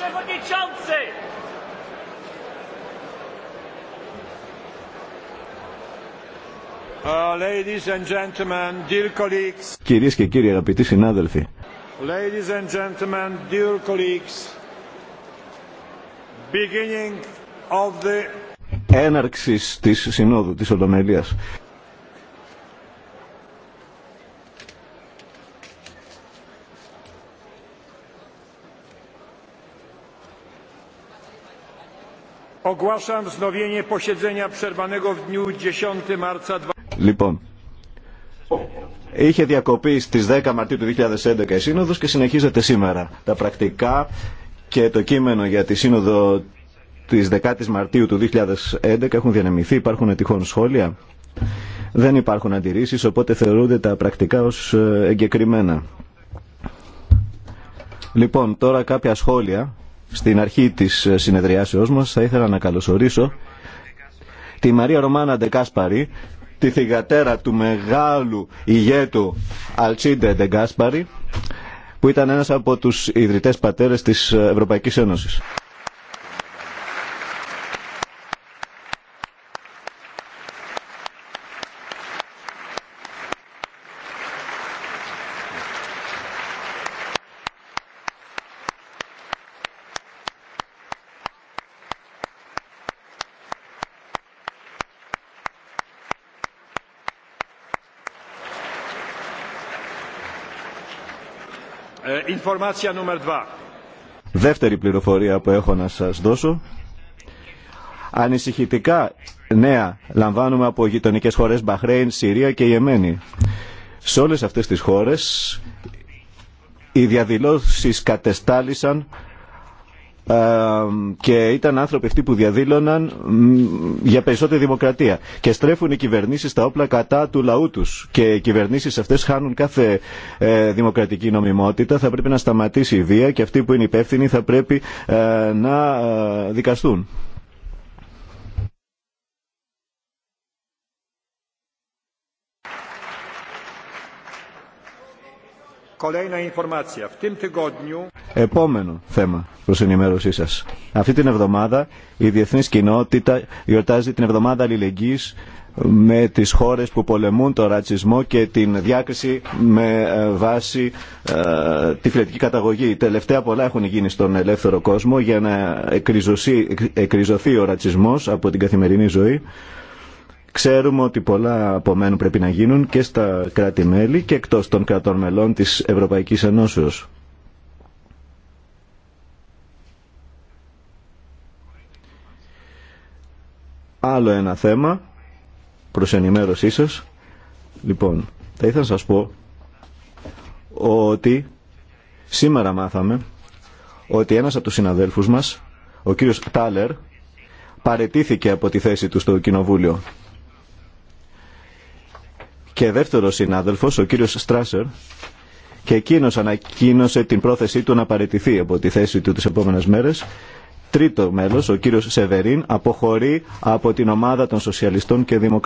przewodniczący! Uh, ladies and gentlemen, dear colleagues. Κυρίες και κύριοι αγαπητοί συνάδελφοι. Ladies and gentlemen, dear colleagues. Beginning of the... Έναρξης της Συνόδου της Ολομέλειας. Ogłaszam wznowienie posiedzenia przerwanego w dniu 10 marca. Λοιπόν, είχε διακοπή στις 10 Μαρτίου του 2011 η Σύνοδος και συνεχίζεται σήμερα. Τα πρακτικά και το κείμενο για τη Σύνοδο της 10ης Μαρτίου του 2011 έχουν διανεμηθεί. Υπάρχουν τυχόν σχόλια. Δεν υπάρχουν αντιρρήσεις, οπότε θεωρούνται τα πρακτικά ως ε, εγκεκριμένα. Λοιπόν, τώρα κάποια σχόλια στην αρχή της ε, συνεδριάσεώς μας θα ήθελα να καλωσορίσω τη Μαρία Ρωμάνα Ντεκάσπαρη, τη θηγατέρα του μεγάλου ηγέτου Αλτσίντε Ντεκάσπαρη, που ήταν ένας από τους ιδρυτές πατέρες της Ευρωπαϊκής Ένωσης. Ε, Δεύτερη πληροφορία που έχω να σας δώσω. Ανησυχητικά νέα λαμβάνουμε από γειτονικές χώρες Μπαχρέιν, Συρία και Ιεμένη. Σε όλες αυτές τις χώρες οι διαδηλώσεις κατεστάλησαν ε, και ήταν άνθρωποι αυτοί που διαδήλωναν για περισσότερη δημοκρατία και στρέφουν οι κυβερνήσεις τα όπλα κατά του λαού τους και οι κυβερνήσεις αυτές χάνουν κάθε ε, δημοκρατική νομιμότητα θα πρέπει να σταματήσει η βία και αυτοί που είναι υπεύθυνοι θα πρέπει ε, να δικαστούν. Επόμενο θέμα προ ενημέρωσή σα. Αυτή την εβδομάδα η διεθνή κοινότητα γιορτάζει την εβδομάδα αλληλεγγύη με τις χώρες που πολεμούν τον ρατσισμό και την διάκριση με ε, βάση ε, τη φιλετική καταγωγή. Τελευταία πολλά έχουν γίνει στον ελεύθερο κόσμο για να εκριζωθεί ο ρατσισμός από την καθημερινή ζωή. Ξέρουμε ότι πολλά απομένουν πρέπει να γίνουν και στα κράτη-μέλη και εκτός των κρατών μελών της Ευρωπαϊκής Ενώσεως. Άλλο ένα θέμα προς ενημέρωσή σας. Λοιπόν, θα ήθελα να σας πω ότι σήμερα μάθαμε ότι ένας από τους συναδέλφους μας, ο κύριος Τάλερ, παρετήθηκε από τη θέση του στο Κοινοβούλιο και δεύτερος συνάδελφος, ο κύριος Στράσερ, και εκείνος ανακοίνωσε την πρόθεσή του να παραιτηθεί από τη θέση του τις επόμενες μέρες. Τρίτο μέλος, ο κύριος Σεβερίν, αποχωρεί από την ομάδα των Σοσιαλιστών και Δημοκρατών.